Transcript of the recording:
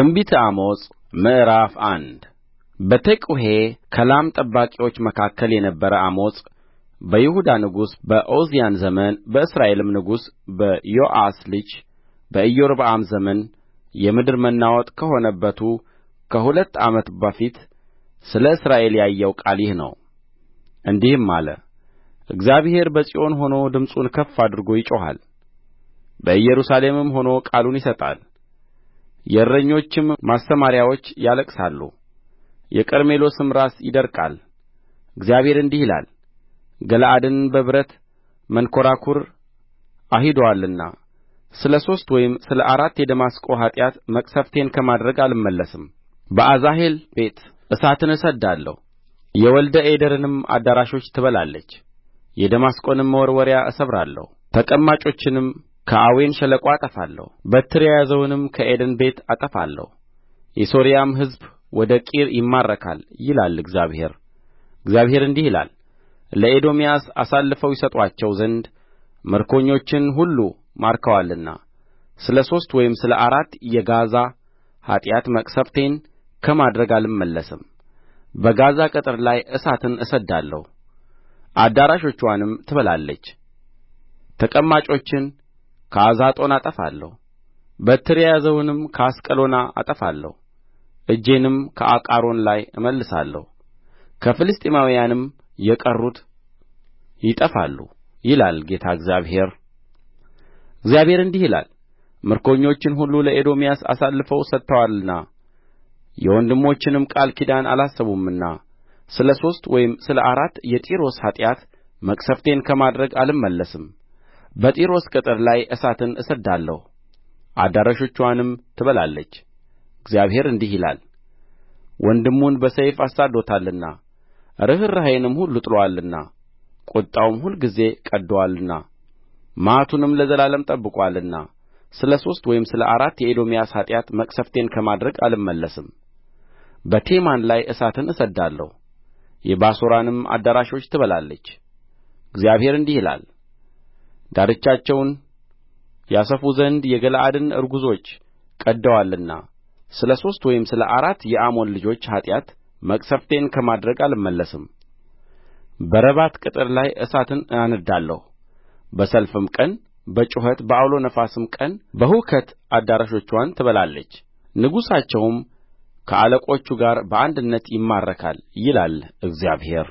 ትንቢተ አሞጽ ምዕራፍ አንድ በቴቁሔ ከላም ጠባቂዎች መካከል የነበረ አሞጽ በይሁዳ ንጉሥ በዖዝያን ዘመን በእስራኤልም ንጉሥ በዮአስ ልጅ በኢዮርብዓም ዘመን የምድር መናወጥ ከሆነበቱ ከሁለት ዓመት በፊት ስለ እስራኤል ያየው ቃል ይህ ነው። እንዲህም አለ። እግዚአብሔር በጽዮን ሆኖ ድምፁን ከፍ አድርጎ ይጮኻል፣ በኢየሩሳሌምም ሆኖ ቃሉን ይሰጣል። የእረኞችም ማሰማርያዎች ያለቅሳሉ የቀርሜሎስም ራስ ይደርቃል እግዚአብሔር እንዲህ ይላል ገለዓድን በብረት መንኰራኵር አሂዶአልና ስለ ሦስት ወይም ስለ አራት የደማስቆ ኃጢአት መቅሠፍቴን ከማድረግ አልመለስም በአዛሄል ቤት እሳትን እሰድዳለሁ የወልደ አዴርንም አዳራሾች ትበላለች የደማስቆንም መወርወሪያ እሰብራለሁ ተቀማጮችንም ከአዌን ሸለቆ አጠፋለሁ በትር የያዘውንም ከኤደን ቤት አጠፋለሁ የሶርያም ሕዝብ ወደ ቂር ይማረካል ይላል እግዚአብሔር እግዚአብሔር እንዲህ ይላል ለኤዶምያስ አሳልፈው ይሰጡአቸው ዘንድ ምርኮኞችን ሁሉ ማርከዋልና ስለ ሦስት ወይም ስለ አራት የጋዛ ኃጢአት መቅሠፍቴን ከማድረግ አልመለስም በጋዛ ቅጥር ላይ እሳትን እሰድዳለሁ አዳራሾችዋንም ትበላለች ተቀማጮችን ከአዛጦን አጠፋለሁ በትር የያዘውንም ከአስቀሎና አጠፋለሁ እጄንም ከአቃሮን ላይ እመልሳለሁ ከፍልስጥኤማውያንም የቀሩት ይጠፋሉ ይላል ጌታ እግዚአብሔር እግዚአብሔር እንዲህ ይላል ምርኮኞችን ሁሉ ለኤዶምያስ አሳልፈው ሰጥተዋልና የወንድሞችንም ቃል ኪዳን አላሰቡምና ስለ ሦስት ወይም ስለ አራት የጢሮስ ኃጢአት መቅሠፍቴን ከማድረግ አልመለስም በጢሮስ ቅጥር ላይ እሳትን እሰድዳለሁ አዳራሾችዋንም ትበላለች እግዚአብሔር እንዲህ ይላል ወንድሙን በሰይፍ አሳድዶታልና ርኅራኄንም ሁሉ ጥሎአልና ቍጣውም ሁልጊዜ ቀድዶአልና መዓቱንም ለዘላለም ጠብቆአልና ስለ ሦስት ወይም ስለ አራት የኤዶምያስ ኃጢአት መቅሠፍቴን ከማድረግ አልመለስም በቴማን ላይ እሳትን እሰድዳለሁ የባሶራንም አዳራሾች ትበላለች እግዚአብሔር እንዲህ ይላል ዳርቻቸውን ያሰፉ ዘንድ የገለዓድን እርጕዞች ቀድደዋልና ስለ ሦስት ወይም ስለ አራት የአሞን ልጆች ኃጢአት መቅሠፍቴን ከማድረግ አልመለስም በረባት ቅጥር ላይ እሳትን አነድዳለሁ በሰልፍም ቀን በጩኸት በዐውሎ ነፋስም ቀን በሁከት አዳራሾችዋን ትበላለች ንጉሣቸውም ከአለቆቹ ጋር በአንድነት ይማረካል ይላል እግዚአብሔር